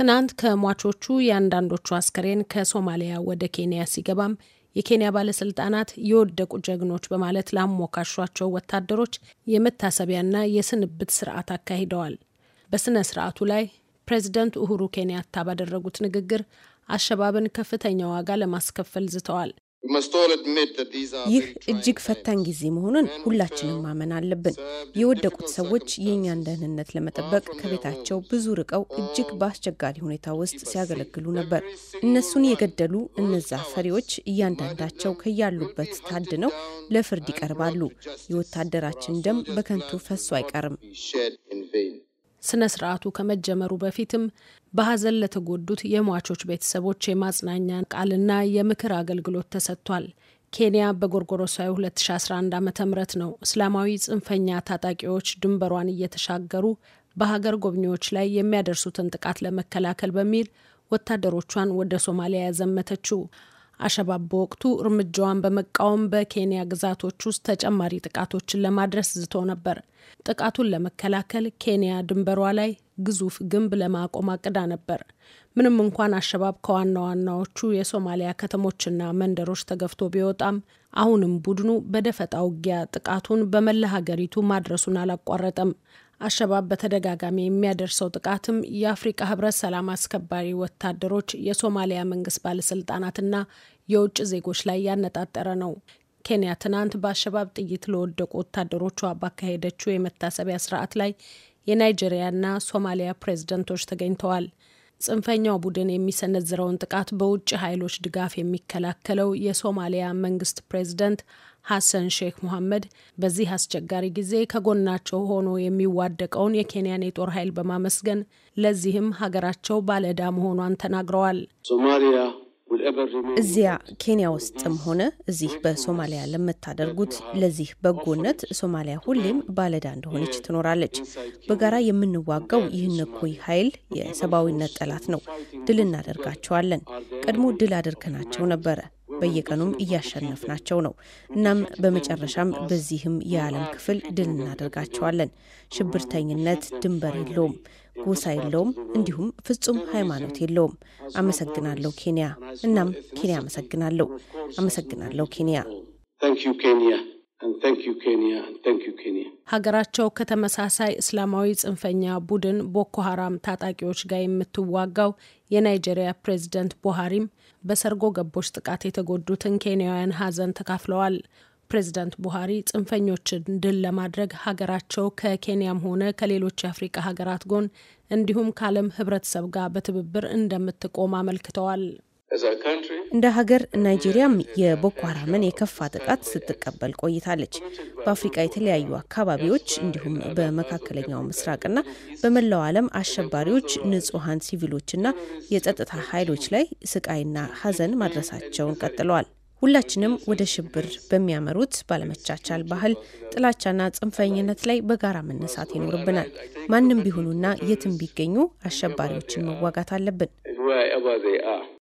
ትናንት ከሟቾቹ የአንዳንዶቹ አስከሬን ከሶማሊያ ወደ ኬንያ ሲገባም የኬንያ ባለስልጣናት የወደቁ ጀግኖች በማለት ላሞካሿቸው ወታደሮች የመታሰቢያና የስንብት ስርዓት አካሂደዋል። በስነ ስርዓቱ ላይ ፕሬዚደንት ኡሁሩ ኬንያታ ባደረጉት ንግግር አሸባብን ከፍተኛ ዋጋ ለማስከፈል ዝተዋል። ይህ እጅግ ፈታኝ ጊዜ መሆኑን ሁላችንም ማመን አለብን። የወደቁት ሰዎች የእኛን ደህንነት ለመጠበቅ ከቤታቸው ብዙ ርቀው እጅግ oh, በአስቸጋሪ ሁኔታ ውስጥ ሲያገለግሉ ነበር። እነሱን የገደሉ እነዛ ፈሪዎች እያንዳንዳቸው ከያሉበት ታድነው ለፍርድ ይቀርባሉ። የወታደራችን ደም በከንቱ ፈሶ አይቀርም። ስነ ስርዓቱ ከመጀመሩ በፊትም በሀዘን ለተጎዱት የሟቾች ቤተሰቦች የማጽናኛ ቃልና የምክር አገልግሎት ተሰጥቷል። ኬንያ በጎርጎሮሳዊ 2011 ዓ ም ነው እስላማዊ ጽንፈኛ ታጣቂዎች ድንበሯን እየተሻገሩ በሀገር ጎብኚዎች ላይ የሚያደርሱትን ጥቃት ለመከላከል በሚል ወታደሮቿን ወደ ሶማሊያ ያዘመተችው። አሸባብ በወቅቱ እርምጃዋን በመቃወም በኬንያ ግዛቶች ውስጥ ተጨማሪ ጥቃቶችን ለማድረስ ዝቶ ነበር። ጥቃቱን ለመከላከል ኬንያ ድንበሯ ላይ ግዙፍ ግንብ ለማቆም አቅዳ ነበር። ምንም እንኳን አሸባብ ከዋና ዋናዎቹ የሶማሊያ ከተሞችና መንደሮች ተገፍቶ ቢወጣም አሁንም ቡድኑ በደፈጣ ውጊያ ጥቃቱን በመላ ሀገሪቱ ማድረሱን አላቋረጠም። አሸባብ በተደጋጋሚ የሚያደርሰው ጥቃትም የአፍሪቃ ህብረት ሰላም አስከባሪ ወታደሮች፣ የሶማሊያ መንግስት ባለስልጣናትና የውጭ ዜጎች ላይ ያነጣጠረ ነው። ኬንያ ትናንት በአሸባብ ጥይት ለወደቁ ወታደሮቿ ባካሄደችው የመታሰቢያ ስርዓት ላይ የናይጄሪያና ሶማሊያ ፕሬዝደንቶች ተገኝተዋል። ጽንፈኛው ቡድን የሚሰነዝረውን ጥቃት በውጭ ኃይሎች ድጋፍ የሚከላከለው የሶማሊያ መንግስት ፕሬዝደንት ሐሰን ሼክ ሙሐመድ በዚህ አስቸጋሪ ጊዜ ከጎናቸው ሆኖ የሚዋደቀውን የኬንያን የጦር ኃይል በማመስገን ለዚህም ሀገራቸው ባለዕዳ መሆኗን ተናግረዋል። ሶማሊያ እዚያ ኬንያ ውስጥም ሆነ እዚህ በሶማሊያ ለምታደርጉት ለዚህ በጎነት ሶማሊያ ሁሌም ባለዳ እንደሆነች ትኖራለች። በጋራ የምንዋጋው ይህን እኩይ ኃይል የሰብአዊነት ጠላት ነው። ድል እናደርጋቸዋለን። ቀድሞ ድል አድርገናቸው ነበረ። በየቀኑም እያሸነፍናቸው ነው። እናም በመጨረሻም በዚህም የዓለም ክፍል ድል እናደርጋቸዋለን። ሽብርተኝነት ድንበር የለውም፣ ጎሳ የለውም፣ እንዲሁም ፍጹም ሃይማኖት የለውም። አመሰግናለሁ ኬንያ። እናም ኬንያ አመሰግናለሁ። አመሰግናለሁ ኬንያ። ሀገራቸው ከተመሳሳይ እስላማዊ ጽንፈኛ ቡድን ቦኮ ሀራም ታጣቂዎች ጋር የምትዋጋው የናይጄሪያ ፕሬዝደንት ቡሃሪም በሰርጎ ገቦች ጥቃት የተጎዱትን ኬንያውያን ሀዘን ተካፍለዋል። ፕሬዝዳንት ቡሃሪ ጽንፈኞችን ድል ለማድረግ ሀገራቸው ከኬንያም ሆነ ከሌሎች የአፍሪቃ ሀገራት ጎን እንዲሁም ከዓለም ህብረተሰብ ጋር በትብብር እንደምትቆም አመልክተዋል። እንደ ሀገር ናይጄሪያም የቦኮ ሀራምን የከፋ ጥቃት ስትቀበል ቆይታለች። በአፍሪቃ የተለያዩ አካባቢዎች እንዲሁም በመካከለኛው ምስራቅና በመላው ዓለም አሸባሪዎች ንጹሐን ሲቪሎችና የጸጥታ ኃይሎች ላይ ስቃይና ሀዘን ማድረሳቸውን ቀጥለዋል። ሁላችንም ወደ ሽብር በሚያመሩት ባለመቻቻል ባህል፣ ጥላቻና ጽንፈኝነት ላይ በጋራ መነሳት ይኖርብናል። ማንም ቢሆኑና የትም ቢገኙ አሸባሪዎችን መዋጋት አለብን።